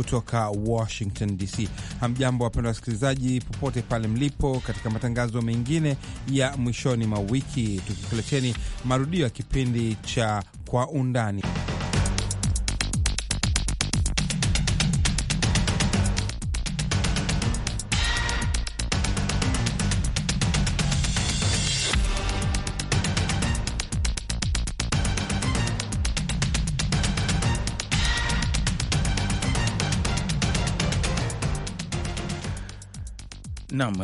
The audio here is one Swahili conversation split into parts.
kutoka Washington DC. Hamjambo wapenda wasikilizaji, popote pale mlipo, katika matangazo mengine ya mwishoni mwa wiki, tukikuleteni marudio ya kipindi cha Kwa Undani.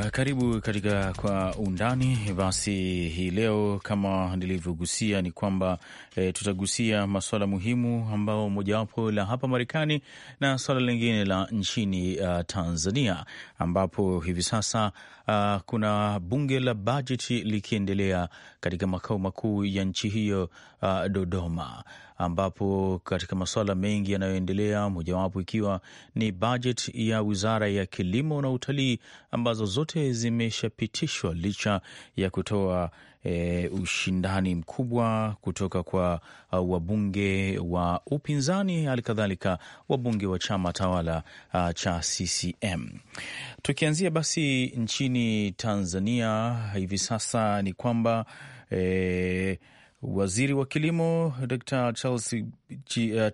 karibu katika Kwa Undani. Basi hii leo kama nilivyogusia ni kwamba e, tutagusia masuala muhimu ambao mojawapo la hapa Marekani na suala lingine la nchini uh, Tanzania ambapo hivi sasa uh, kuna bunge la bajeti likiendelea katika makao makuu ya nchi hiyo uh, Dodoma ambapo katika masuala mengi yanayoendelea, mojawapo ikiwa ni bajeti ya wizara ya kilimo na utalii ambazo zote zimeshapitishwa licha ya kutoa E, ushindani mkubwa kutoka kwa uh, wabunge wa upinzani, hali kadhalika wabunge wa chama tawala uh, cha CCM. Tukianzia basi nchini Tanzania hivi sasa ni kwamba e, Waziri wa kilimo Dr Charles eh,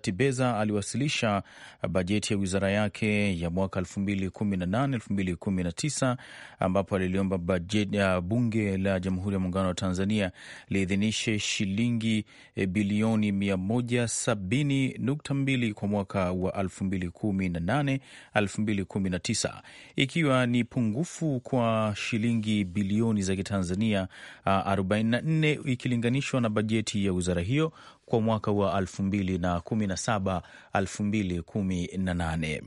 Tibeza aliwasilisha bajeti ya wizara yake ya mwaka 2018 2019 ambapo aliliomba eh, bunge la Jamhuri ya Muungano wa Tanzania liidhinishe shilingi eh, bilioni 170.2 kwa mwaka wa 2018 2019 ikiwa ni pungufu kwa shilingi bilioni za Kitanzania 44 ikilinganishwa na bajeti ya wizara hiyo kwa mwaka wa 2017 2018.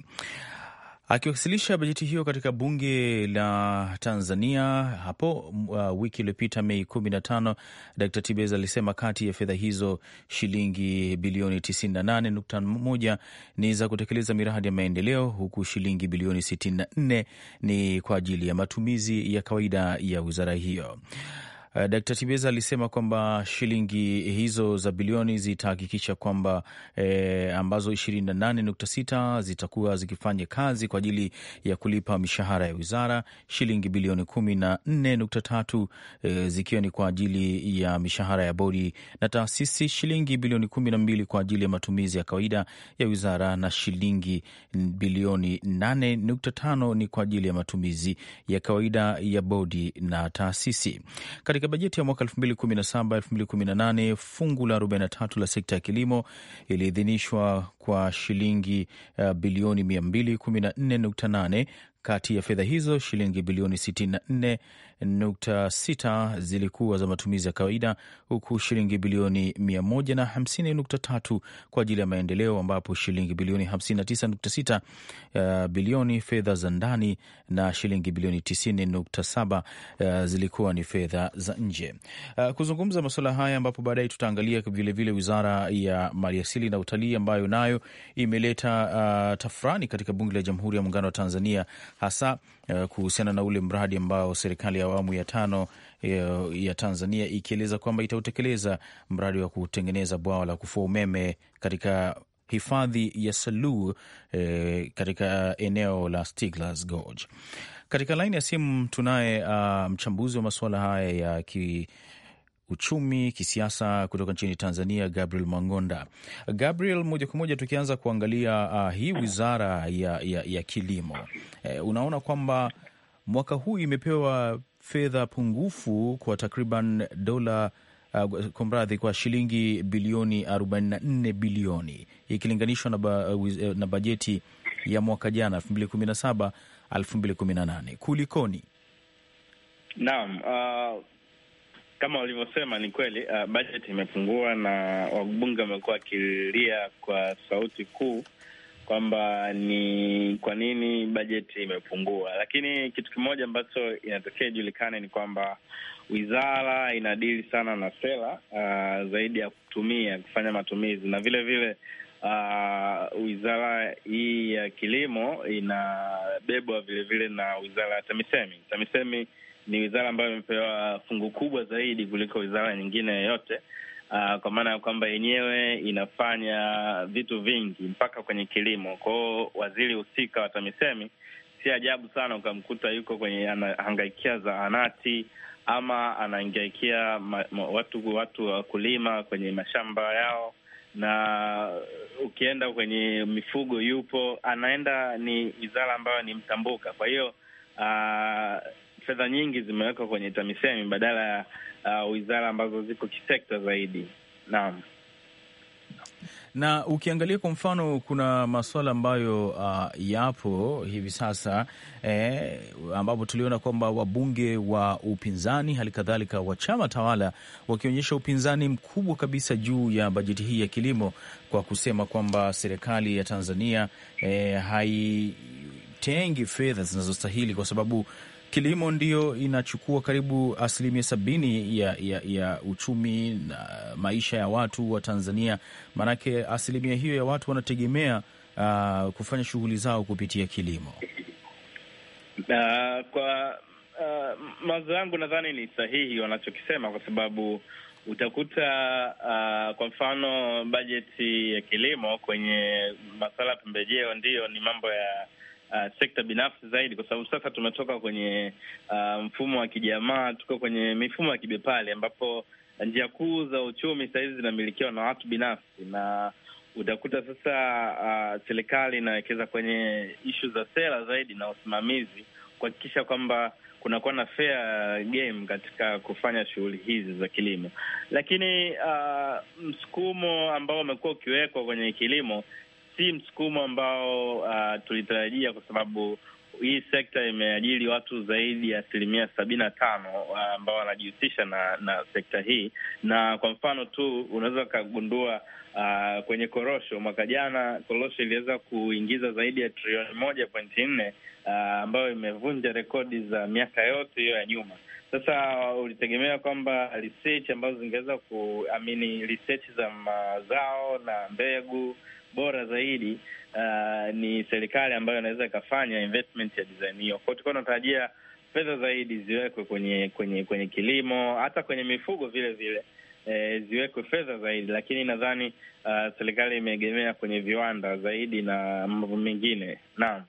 Akiwasilisha bajeti hiyo katika bunge la Tanzania hapo uh, wiki iliyopita Mei 15, d Tibes alisema kati ya fedha hizo shilingi bilioni 98.1 ni za kutekeleza miradi ya maendeleo, huku shilingi bilioni 64 ni kwa ajili ya matumizi ya kawaida ya wizara hiyo. Uh, Dkt. Tibeza alisema kwamba shilingi hizo za bilioni zitahakikisha kwamba e, ambazo 28.6 zitakuwa zikifanya kazi kwa ajili ya kulipa mishahara ya wizara, shilingi bilioni 14.3 e, eh, zikiwa ni kwa ajili ya mishahara ya bodi na taasisi, shilingi bilioni 12 kwa ajili ya matumizi ya kawaida ya wizara na shilingi bilioni 8.5 ni kwa ajili ya matumizi ya kawaida ya bodi na taasisi katika katika bajeti ya mwaka 2017 2018 fungu la 43 la sekta ya kilimo iliidhinishwa kwa shilingi uh, bilioni 214.8 kati ya fedha hizo, shilingi bilioni 64.6 zilikuwa za matumizi ya kawaida, huku shilingi bilioni 150.3 kwa ajili ya maendeleo, ambapo shilingi bilioni 59.6 uh, eh, bilioni fedha za ndani na shilingi bilioni 90.7 uh, eh, zilikuwa ni fedha za nje. Uh, kuzungumza masuala haya, ambapo baadaye tutaangalia vilevile wizara ya maliasili na utalii ambayo nayo imeleta uh, tafurani katika bunge la Jamhuri ya Muungano wa Tanzania hasa uh, kuhusiana na ule mradi ambao serikali ya awamu ya tano uh, ya Tanzania ikieleza kwamba itautekeleza mradi wa kutengeneza bwawa la kufua umeme katika hifadhi ya Saluu eh, katika eneo la Stiglas Gorge. Katika laini ya simu tunaye uh, mchambuzi wa masuala haya ya ki uchumi kisiasa kutoka nchini Tanzania, Gabriel mangonda Gabriel, moja kwa moja tukianza kuangalia uh, hii wizara ya, ya, ya kilimo eh, unaona kwamba mwaka huu imepewa fedha pungufu kwa takriban dola uh, kwa mradhi kwa shilingi bilioni 44 bilioni ikilinganishwa na, ba, uh, na bajeti ya mwaka jana 2017 2018. Kulikoni? Naam, uh... Kama walivyosema ni kweli, uh, bajeti imepungua na wabunge wamekuwa wakilia kwa sauti kuu kwamba ni kwa nini bajeti imepungua. Lakini kitu kimoja ambacho inatokea ijulikane ni kwamba wizara inadili sana na sera uh, zaidi ya kutumia kufanya matumizi na vile vile Uh, wizara hii ya kilimo inabebwa vilevile na wizara ya TAMISEMI. TAMISEMI ni wizara ambayo imepewa fungu kubwa zaidi kuliko wizara nyingine yoyote, uh, ah, kwa maana ya kwamba yenyewe inafanya vitu vingi mpaka kwenye kilimo. Kwao waziri husika wa TAMISEMI, si ajabu sana ukamkuta yuko kwenye anahangaikia zahanati ama anahangaikia watu watu wakulima kwenye mashamba yao na ukienda kwenye mifugo yupo, anaenda. Ni wizara ambayo ni mtambuka, kwa hiyo uh, fedha nyingi zimewekwa kwenye TAMISEMI badala ya uh, wizara ambazo ziko kisekta zaidi. Naam na ukiangalia kwa mfano kuna masuala ambayo uh, yapo hivi sasa eh, ambapo tuliona kwamba wabunge wa upinzani hali kadhalika wa chama tawala wakionyesha upinzani mkubwa kabisa juu ya bajeti hii ya kilimo kwa kusema kwamba serikali ya Tanzania eh, haitengi fedha zinazostahili kwa sababu kilimo ndiyo inachukua karibu asilimia sabini ya, ya, ya uchumi na maisha ya watu wa Tanzania, maanake asilimia hiyo ya watu wanategemea uh, kufanya shughuli zao kupitia kilimo. Uh, kwa uh, mawazo yangu nadhani ni sahihi wanachokisema, kwa sababu utakuta uh, kwa mfano bajeti ya kilimo kwenye masuala ya pembejeo ndiyo ni mambo ya uh, sekta binafsi zaidi, kwa sababu sasa tumetoka kwenye uh, mfumo wa kijamaa, tuko kwenye mifumo ya kibepale ambapo njia kuu za uchumi sahizi zinamilikiwa na watu binafsi, na utakuta sasa uh, serikali inawekeza kwenye ishu za sera zaidi na usimamizi kuhakikisha kwamba kunakuwa na fair game katika kufanya shughuli hizi za kilimo, lakini uh, msukumo ambao umekuwa ukiwekwa kwenye kilimo si msukumo ambao uh, tulitarajia kwa sababu hii sekta imeajiri watu zaidi ya asilimia sabini na tano uh, ambao wanajihusisha na na sekta hii, na kwa mfano tu unaweza ukagundua uh, kwenye korosho mwaka jana korosho iliweza kuingiza zaidi ya trilioni moja pointi nne uh, ambayo imevunja rekodi za miaka yote hiyo ya nyuma. Sasa ulitegemea kwamba research ambazo zingeweza kuamini research za mazao na mbegu bora zaidi uh, ni serikali ambayo inaweza ikafanya investment ya design hiyo. Kwao tulikuwa tunatarajia fedha zaidi ziwekwe kwenye kwenye kwenye kilimo, hata kwenye mifugo vile vile e, ziwekwe fedha zaidi, lakini nadhani uh, serikali imeegemea kwenye viwanda zaidi na mambo mengine. Naam.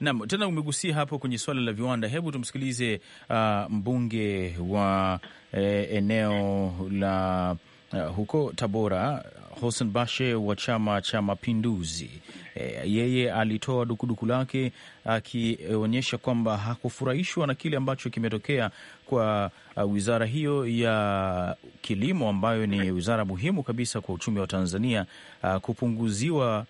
Naam, tena umegusia hapo kwenye suala la viwanda. Hebu tumsikilize uh, mbunge wa eh, eneo la Uh, huko Tabora, hosen Bashe wa Chama cha Mapinduzi e, yeye alitoa dukuduku lake akionyesha kwamba hakufurahishwa na kile ambacho kimetokea kwa uh, wizara hiyo ya kilimo ambayo ni wizara muhimu kabisa kwa uchumi wa Tanzania uh, kupunguziwa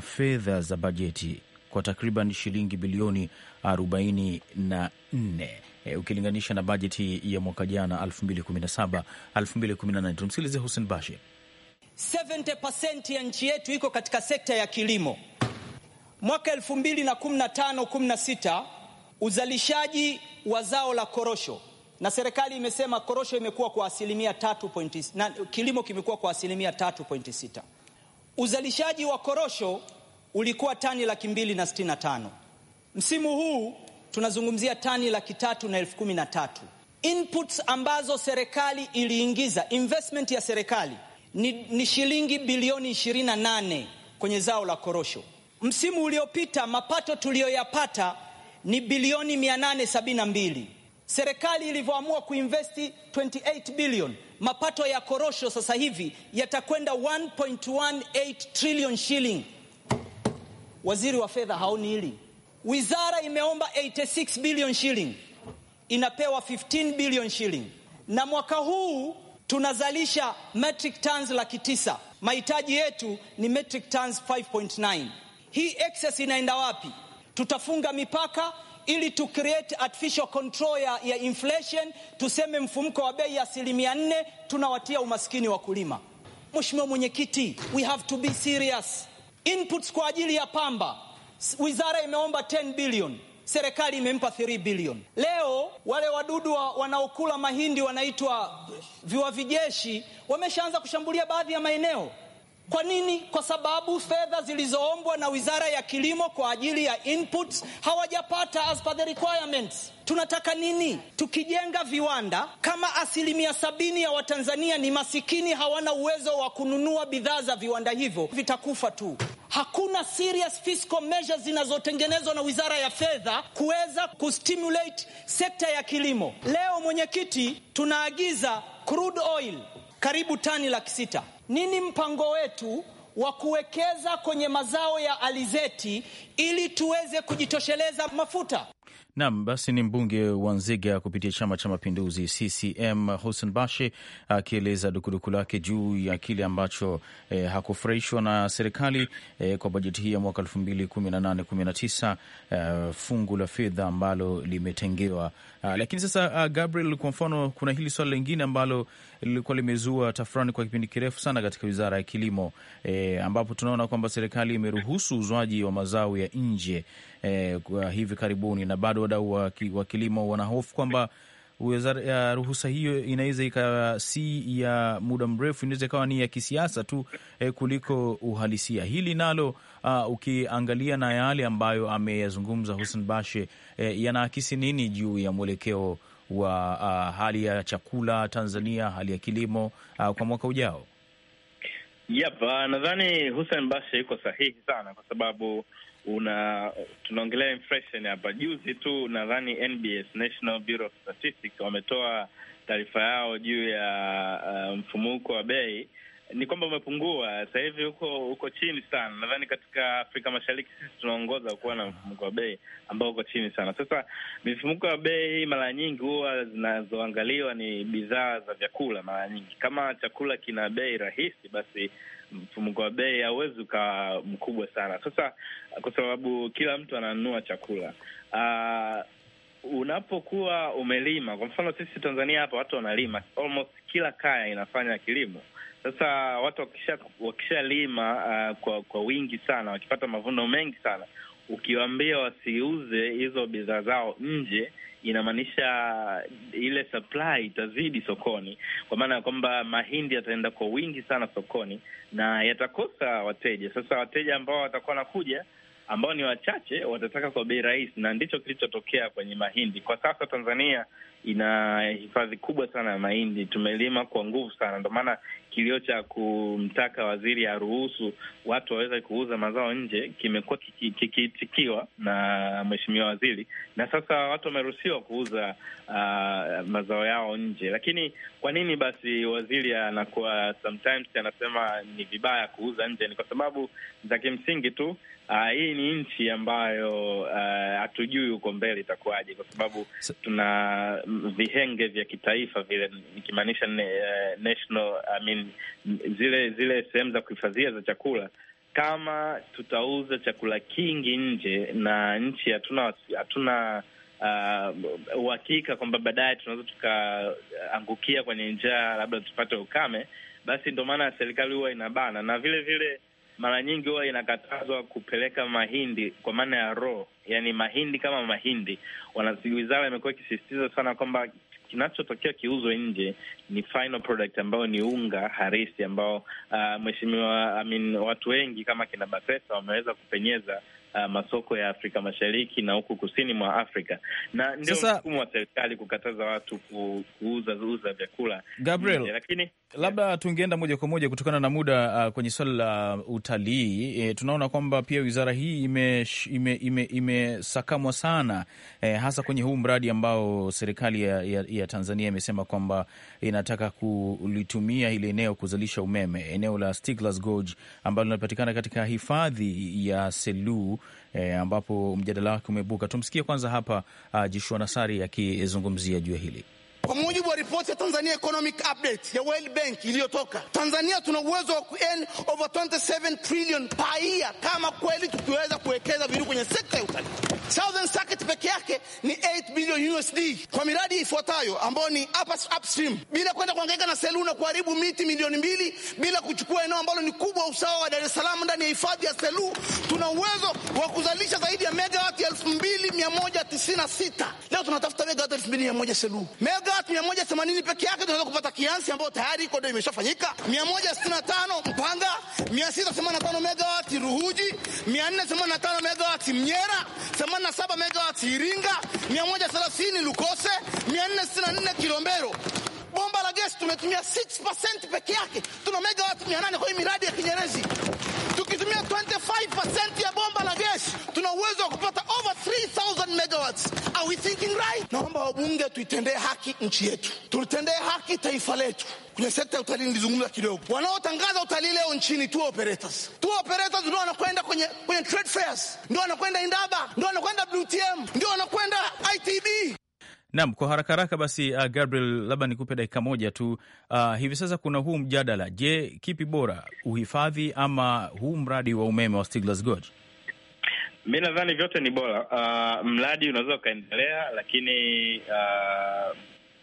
fedha za bajeti kwa takriban shilingi bilioni arobaini na nne e, ukilinganisha na bajeti ya mwaka jana 2017 2018. Tumsikilize Hussein Bashir. 70% ya nchi yetu iko katika sekta ya kilimo. Mwaka 2015 16 uzalishaji wa zao la korosho na serikali imesema korosho imekuwa kwa asilimia 3 na kilimo kimekuwa kwa asilimia 3.6. Uzalishaji wa korosho ulikuwa tani laki mbili na sitini na tano. Msimu huu tunazungumzia tani laki tatu na elfu kumi na tatu. Inputs ambazo serikali iliingiza investment ya serikali ni, ni shilingi bilioni 28 kwenye zao la korosho. Msimu uliopita mapato tuliyoyapata ni bilioni 872. Serikali ilivyoamua kuinvesti 28 billion mapato ya korosho sasa hivi yatakwenda 1.18 trillion shilling. Waziri wa fedha haoni hili? Wizara imeomba 86 billion shilling, inapewa 15 billion shilling, na mwaka huu tunazalisha metric tons laki tisa. Mahitaji yetu ni metric tons 5.9. Hii excess inaenda wapi? Tutafunga mipaka ili tu create artificial control ya, ya inflation, tuseme mfumko wa bei ya asilimia nne, tunawatia umaskini wakulima. Mheshimiwa Mwenyekiti, we have to be serious. Inputs kwa ajili ya pamba Wizara imeomba 10 billion serikali imempa 3 billion Leo wale wadudu wa, wanaokula mahindi wanaitwa viwavijeshi wameshaanza kushambulia baadhi ya maeneo. Kwa nini? Kwa sababu fedha zilizoombwa na Wizara ya Kilimo kwa ajili ya input hawajapata as per the requirements. Tunataka nini? Tukijenga viwanda, kama asilimia sabini ya Watanzania ni masikini, hawana uwezo wa kununua bidhaa za viwanda, hivyo vitakufa tu. Hakuna serious fiscal measures zinazotengenezwa na Wizara ya Fedha kuweza kustimulate sekta ya kilimo. Leo mwenyekiti, tunaagiza crude oil karibu tani laki sita nini mpango wetu wa kuwekeza kwenye mazao ya alizeti ili tuweze kujitosheleza mafuta. Nam basi, ni mbunge wa Nzega kupitia Chama cha Mapinduzi CCM Hussein Bashe akieleza dukuduku lake juu ya kile ambacho eh, hakufurahishwa na serikali eh, kwa bajeti hii ya mwaka elfu mbili kumi na nane kumi na tisa eh, fungu la fedha ambalo limetengewa ah, lakini sasa ah, Gabriel, kwa mfano kuna hili swala lingine ambalo lilikuwa limezua tafurani kwa kipindi kirefu sana katika wizara ya kilimo eh, ambapo tunaona kwamba serikali imeruhusu uzwaji wa mazao ya nje eh, kwa hivi karibuni, na bado wadau wa kilimo wanahofu kwamba wizara ruhusa hiyo inaweza ikawa si ya muda mrefu, inaweza ikawa ni ya kisiasa tu eh, kuliko uhalisia. Hili nalo uh, ukiangalia na yale ambayo ameyazungumza Hussein Bashe eh, yanaakisi nini juu ya mwelekeo wa uh, hali ya chakula Tanzania, hali ya kilimo uh, kwa mwaka ujao? Yep, uh, nadhani Hussein Bashe iko sahihi sana kwa sababu una tunaongelea inflation hapa. Juzi tu nadhani NBS, National Bureau of Statistics, wametoa taarifa yao juu ya uh, mfumuko wa bei ni kwamba umepungua sasa hivi, huko chini sana. Nadhani katika Afrika Mashariki sisi tunaongoza kuwa na mfumuko wa bei ambao uko chini sana. Sasa mifumuko ya bei mara nyingi huwa zinazoangaliwa ni bidhaa za vyakula. Mara nyingi kama chakula kina bei rahisi, basi mfumuko wa bei hauwezi ukawa mkubwa sana. Sasa kwa sababu kila mtu ananunua chakula uh, unapokuwa umelima, kwa mfano sisi Tanzania hapa watu wanalima, almost kila kaya inafanya kilimo. Sasa watu wakishalima wakisha uh, kwa kwa wingi sana, wakipata mavuno mengi sana, ukiwaambia wasiuze hizo bidhaa zao nje inamaanisha ile supply itazidi sokoni, kwa maana ya kwamba mahindi yataenda kwa wingi sana sokoni na yatakosa wateja. Sasa wateja ambao watakuwa wanakuja ambao ni wachache watataka kwa bei rahisi, na ndicho kilichotokea kwenye mahindi. Kwa sasa Tanzania ina hifadhi kubwa sana ya mahindi, tumelima kwa nguvu sana. Ndo maana kilio cha kumtaka waziri aruhusu watu waweze kuuza mazao nje kimekuwa kikiitikiwa na mheshimiwa waziri, na sasa watu wameruhusiwa kuuza uh, mazao yao nje. Lakini kwa nini basi waziri anakuwa sometimes anasema ni vibaya kuuza nje? Ni kwa sababu za kimsingi tu Uh, hii ni nchi ambayo eh, hatujui uh, huko mbele itakuwaje, kwa sababu tuna vihenge vya kitaifa vile, nikimaanisha uh, national I mean, zile zile sehemu za kuhifadhia za chakula. Kama tutauza chakula kingi nje na nchi hatuna hatuna ah, uhakika kwamba baadaye tunaweza tukaangukia kwenye njaa, labda tupate ukame, basi ndo maana serikali huwa inabana na vile vile mara nyingi huwa inakatazwa kupeleka mahindi kwa maana ya raw, yani mahindi kama mahindi. Wizara imekuwa ikisisitiza sana kwamba kinachotokea kiuzwe nje ni final product ambayo ni unga harisi ambao, uh, mheshimiwa I mean, watu wengi kama kina wameweza kupenyeza uh, masoko ya Afrika Mashariki na huku kusini mwa Afrika, na ndio mfumo wa serikali kukataza watu kuuza uza vyakula Gabriel, eh, lakini labda tungeenda moja kwa moja kutokana na muda uh, kwenye swala la uh, utalii e, tunaona kwamba pia wizara hii imesakamwa ime, ime, ime sana e, hasa kwenye huu mradi ambao serikali ya, ya, ya Tanzania imesema kwamba inataka kulitumia hili eneo kuzalisha umeme, eneo la Stiglas Gorge ambalo linapatikana katika hifadhi ya Selous e, ambapo mjadala wake umebuka Tumsikie kwanza hapa uh, nasari akizungumzia juu ya hili ripoti ya Tanzania Economic Update ya World Bank iliyotoka, Tanzania tuna uwezo wa earn over 27 trillion per year kama kweli tukiweza kuwekeza viru kwenye sekta ya utalii. Southern Circuit peke yake ni 8 billion USD kwa miradi ifuatayo ambayo ni upstream, bila kwenda kuangaika na selu na kuharibu miti milioni mbili, bila kuchukua eneo ambalo ni kubwa usawa wa Dar es Salaam ndani ya hifadhi ya Selu, tuna uwezo wa kuzalisha zaidi ya megawati 2196. Leo tunatafuta megawati 2100 Selu, megawati 1 themanini peke yake tunaweza kupata kiasi ambayo tayari kodo imeshafanyika: mia moja sitini na tano Mpanga, mia sita themanini na tano megawati Ruhuji, mia nne themanini na tano megawati Mnyera, themanini na saba megawati Iringa, mia moja thelathini Lukose, mia nne sitini na nne Kilombero. Bomba la gesi tumetumia 6% peke yake, tuna megawati mia nane kwenye miradi ya Kinyerezi. Tukitumia 25% ya bomba la gesi, tuna uwezo wa kupata 3000 megawatts. Are we thinking right? Naomba wabunge tuitendee haki nchi yetu, tulitendee haki taifa letu. Kwenye sekta ya utalii nilizungumza kidogo, wanaotangaza utalii leo nchini tour operators, tour operators ndio wanakwenda kwenye, kwenye trade fairs, ndio wanakwenda Indaba, ndio wanakwenda WTM, ndio wanakwenda ITB. Naam, kwa haraka haraka basi, uh, Gabriel, labda nikupe dakika moja tu. Uh, hivi sasa kuna huu mjadala, je, kipi bora, uhifadhi ama huu mradi wa umeme wa Stiglas Gorge? Mi nadhani vyote ni bora. Uh, mradi unaweza ukaendelea, lakini uh,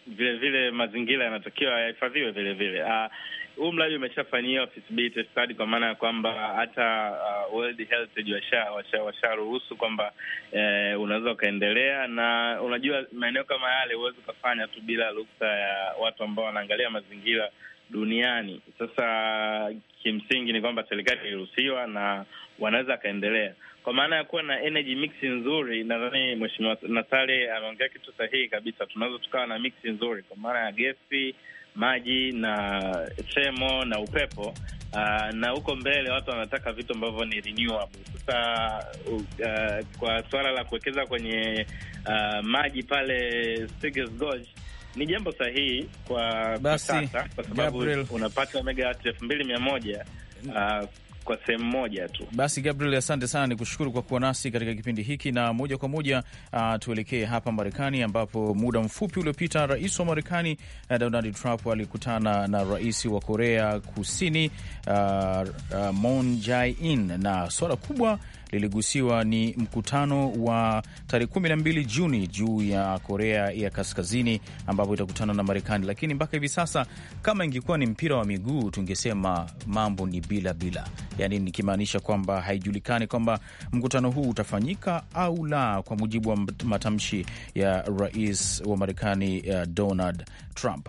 vile vile mazingira yanatakiwa yahifadhiwe vile vile. Ah, huu uh, mradi umeshafanyia feasibility study kwa maana ya kwamba hata uh, World Heritage washaruhusu washa, washa kwamba eh, unaweza ukaendelea, na unajua maeneo kama yale huwezi ukafanya tu bila ruksa ya watu ambao wanaangalia mazingira duniani. Sasa kimsingi ni kwamba serikali iliruhusiwa na wanaweza akaendelea kwa maana ya kuwa na energy mix nzuri. Nadhani Mheshimiwa Nasale ameongea kitu sahihi kabisa. Tunaweza tukawa na mix nzuri kwa maana ya gesi, maji na semo na upepo. Uh, na huko mbele watu wanataka vitu ambavyo ni renewable. Sasa uh, uh, kwa suala la kuwekeza kwenye uh, maji pale Stiegler's Gorge ni jambo sahihi kwa Basi, sasa kwa sababu unapata megawati elfu mbili mia moja uh, kwa sehemu moja tu. Basi Gabriel, asante sana, ni kushukuru kwa kuwa nasi katika kipindi hiki, na moja kwa moja uh, tuelekee hapa Marekani ambapo muda mfupi uliopita rais wa Marekani uh, Donald Trump alikutana na rais wa Korea Kusini uh, uh, Moon Jae-in, na swala kubwa liligusiwa ni mkutano wa tarehe 12 Juni juu ya Korea ya Kaskazini ambapo itakutana na Marekani, lakini mpaka hivi sasa kama ingekuwa ni mpira wa miguu tungesema mambo ni bila bila, yaani nikimaanisha kwamba haijulikani kwamba mkutano huu utafanyika au la, kwa mujibu wa matamshi ya rais wa Marekani uh, Donald Trump.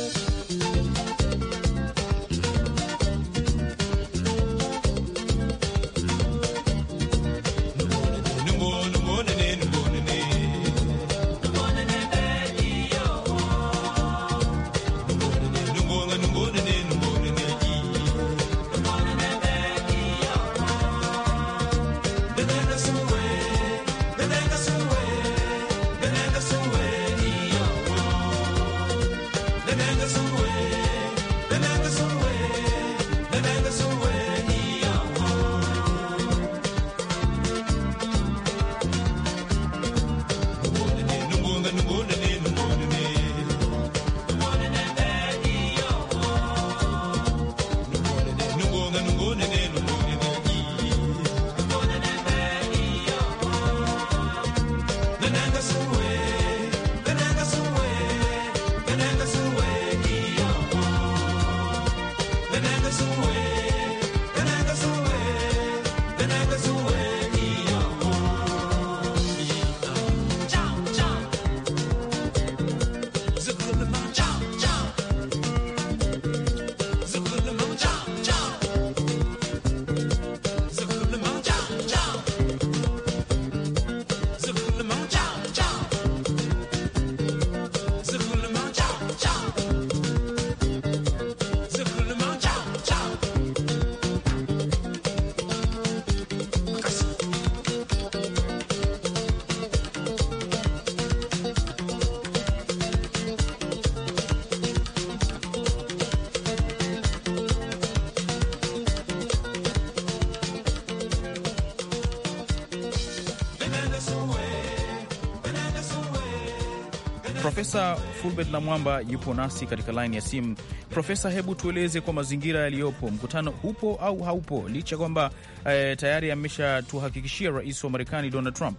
Profesa Fulbert Namwamba yupo nasi katika laini ya simu. Profesa, hebu tueleze kwa mazingira yaliyopo, mkutano upo au haupo, licha kwamba eh, tayari ameshatuhakikishia rais wa Marekani Donald Trump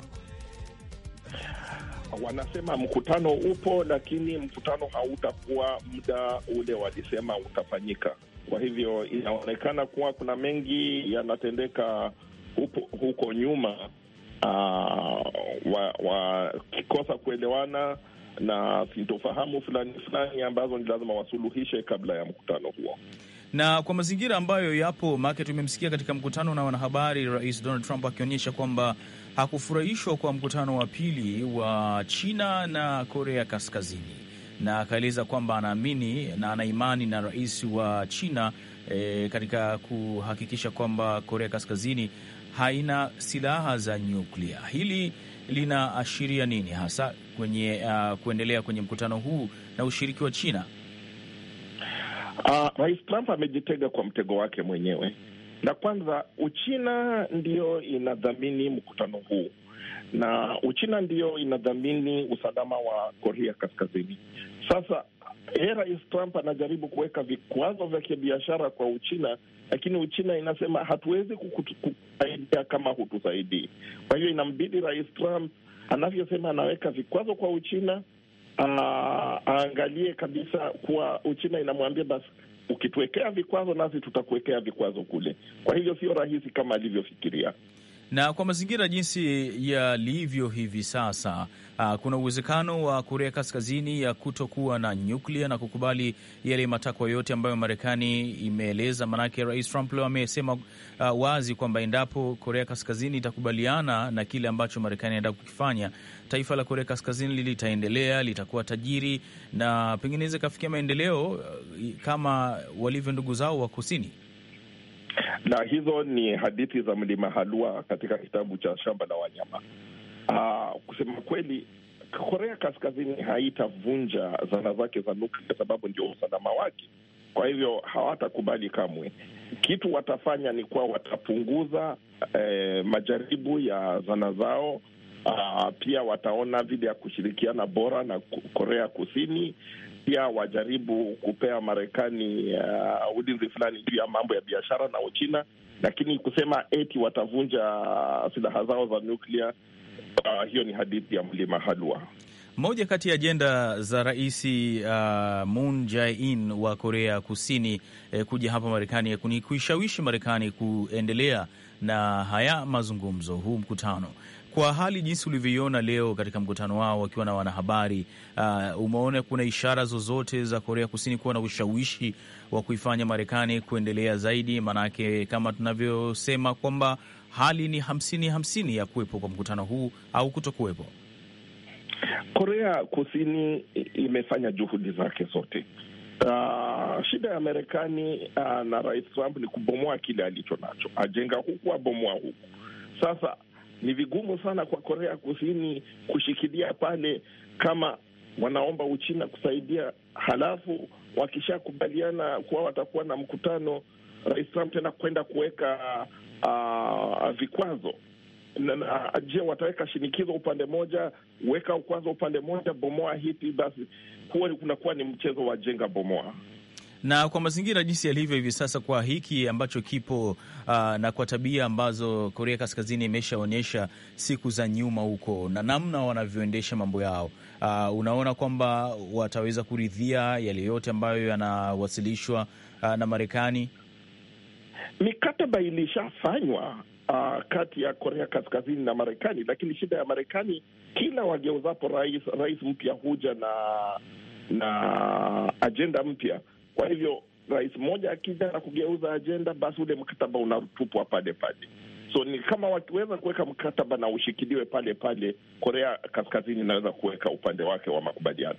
wanasema mkutano upo, lakini mkutano hautakuwa muda ule walisema utafanyika. Kwa hivyo inaonekana kuwa kuna mengi yanatendeka huko nyuma, wakikosa ah, wa kuelewana na sintofahamu fulani fulani ambazo ni lazima wasuluhishe kabla ya mkutano huo na kwa mazingira ambayo yapo make, tumemsikia katika mkutano na wanahabari Rais Donald Trump akionyesha kwamba hakufurahishwa kwa mkutano wa pili wa China na Korea Kaskazini, na akaeleza kwamba anaamini na anaimani na rais wa China e, katika kuhakikisha kwamba Korea Kaskazini haina silaha za nyuklia. Hili linaashiria nini hasa kwenye uh, kuendelea kwenye mkutano huu na ushiriki wa China? Uh, Rais Trump amejitega kwa mtego wake mwenyewe. Na kwanza, Uchina ndiyo inadhamini mkutano huu na Uchina ndiyo inadhamini usalama wa Korea Kaskazini. Sasa E, Rais Trump anajaribu kuweka vikwazo vya kibiashara kwa Uchina, lakini Uchina inasema hatuwezi kukusaidia kama hutusaidii. Kwa hiyo inambidi Rais Trump anavyosema anaweka vikwazo kwa Uchina, aangalie kabisa kuwa Uchina inamwambia basi, ukituwekea vikwazo nasi tutakuwekea vikwazo kule. Kwa hivyo sio rahisi kama alivyofikiria. Na kwa mazingira jinsi yalivyo hivi sasa, uh, kuna uwezekano wa Korea Kaskazini ya kutokuwa na nyuklia na kukubali yale matakwa yote ambayo Marekani imeeleza. Maanake Rais Trump leo amesema uh, wazi kwamba endapo Korea Kaskazini itakubaliana na kile ambacho Marekani inaenda kukifanya, taifa la Korea Kaskazini litaendelea, litakuwa tajiri na pengine ikafikia maendeleo uh, kama walivyo ndugu zao wa kusini na hizo ni hadithi za mlima Halua katika kitabu cha Shamba la Wanyama. Aa, ah, kusema kweli Korea Kaskazini haitavunja zana zake za nuklia kwa sababu ndio usalama wake. Kwa hivyo hawatakubali kamwe. Kitu watafanya ni kuwa watapunguza eh, majaribu ya zana zao. Aa, ah, pia wataona vile ya kushirikiana bora na Korea Kusini pia wajaribu kupea Marekani uh, ulinzi fulani juu ya mambo ya biashara na Uchina, lakini kusema eti watavunja silaha zao za nuklia uh, hiyo ni hadithi ya mlima halua. Moja kati ya ajenda za Rais uh, Moon Jae-in wa Korea Kusini eh, kuja hapa Marekani ni kuishawishi Marekani kuendelea na haya mazungumzo, huu mkutano kwa hali jinsi ulivyoiona leo katika mkutano wao wakiwa na wanahabari, uh, umeona kuna ishara zozote za Korea Kusini kuwa na ushawishi wa kuifanya Marekani kuendelea zaidi? Maanake kama tunavyosema kwamba hali ni hamsini hamsini ya kuwepo kwa mkutano huu au kuto kuwepo Korea Kusini imefanya juhudi zake zote. Uh, shida ya Marekani uh, na Rais Trump ni kubomoa kile alicho nacho, ajenga huku abomoa huku. Sasa ni vigumu sana kwa Korea Kusini kushikilia pale kama wanaomba Uchina kusaidia, halafu wakishakubaliana kuwa watakuwa na mkutano, Rais Trump tena kwenda kuweka uh, vikwazo. Je, wataweka shinikizo upande mmoja, weka ukwazo upande mmoja, bomoa hipi? Basi huwa kunakuwa ni mchezo wa jenga bomoa na kwa mazingira jinsi yalivyo hivi sasa, kwa hiki ambacho kipo uh, na kwa tabia ambazo Korea Kaskazini imeshaonyesha siku za nyuma huko na namna wanavyoendesha mambo yao, uh, unaona kwamba wataweza kuridhia yale yote ambayo yanawasilishwa uh, na Marekani. Mikataba ilishafanywa uh, kati ya Korea Kaskazini na Marekani, lakini shida ya Marekani kila wageuzapo rais, rais mpya huja na na ajenda mpya kwa hivyo rais mmoja akija na kugeuza ajenda, basi ule mkataba unatupwa pale pale. So ni kama wakiweza kuweka mkataba na ushikiliwe pale pale, Korea Kaskazini inaweza kuweka upande wake wa makubaliano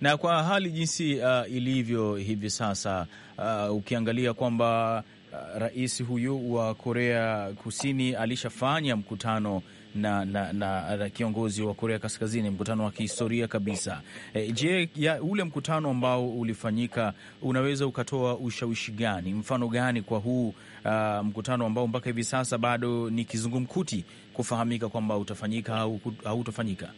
na kwa hali jinsi uh, ilivyo hivi sasa uh, ukiangalia kwamba uh, rais huyu wa Korea Kusini alishafanya mkutano na, na, na, na kiongozi wa Korea Kaskazini, mkutano wa kihistoria kabisa. E, je, ya ule mkutano ambao ulifanyika unaweza ukatoa ushawishi gani, mfano gani kwa huu uh, mkutano ambao mpaka hivi sasa bado ni kizungumkuti kufahamika kwamba utafanyika au utafanyika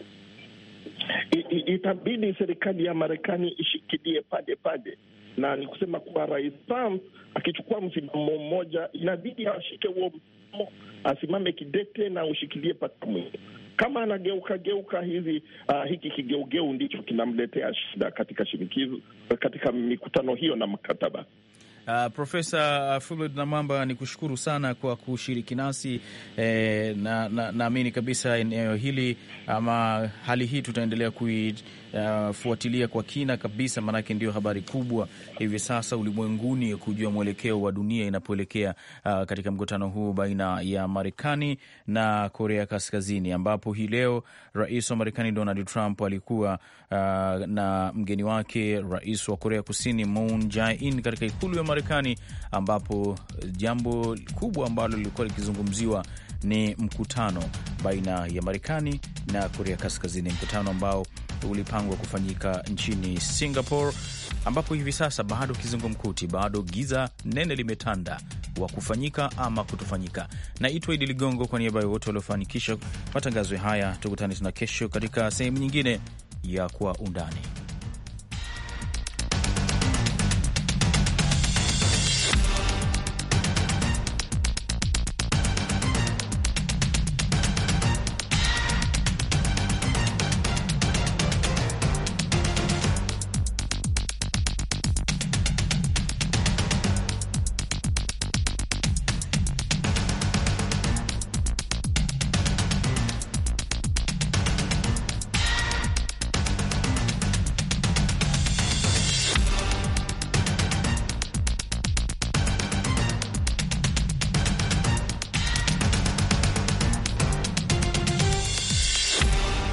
Itabidi serikali ya Marekani ishikilie pade pade, na ni kusema kuwa Rais Trump akichukua msimamo mmoja, inabidi ashike huo Mm. asimame kidete na ushikilie mwingi. Kama anageuka geuka hizi uh, ah, hiki kigeugeu ndicho kinamletea shida katika shinikizo, katika mikutano hiyo na mkataba. Uh, Profesa uh, Fulod Namwamba, ni kushukuru sana kwa kushiriki nasi eh, na naamini na kabisa eneo hili ama hali hii tutaendelea kuifuatilia uh, kwa kina kabisa, maanake ndio habari kubwa hivi sasa ulimwenguni kujua mwelekeo wa dunia inapoelekea uh, katika mkutano huu baina ya Marekani na Korea Kaskazini, ambapo hii leo rais wa Marekani Donald Trump alikuwa uh, na mgeni wake rais wa Korea Kusini Moon Jae-in katika ikulu ya Marekani, ambapo jambo kubwa ambalo lilikuwa likizungumziwa ni mkutano baina ya Marekani na Korea Kaskazini, mkutano ambao ulipangwa kufanyika nchini Singapore, ambapo hivi sasa bado kizungu mkuti, bado giza nene limetanda wa kufanyika ama kutofanyika. Naitwa Idi Ligongo, kwa niaba ya wote waliofanikisha matangazo haya, tukutane tena kesho katika sehemu nyingine ya Kwa Undani.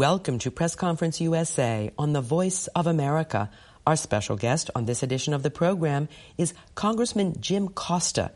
Welcome to Press Conference USA on the Voice of America. Our special guest on this edition of the program is Congressman Jim Costa.